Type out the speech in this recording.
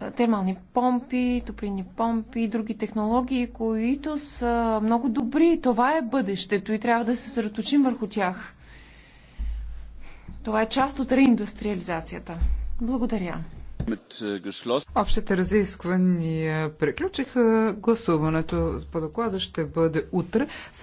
Е, термални помпи, топлини помпи и други технологии, които са много добри. Това е бъдещето и трябва да се съсредоточим върху тях. Това е част от реиндустриализацията. Благодаря. Общите разисквания приключиха. Гласуването по доклада ще бъде утре.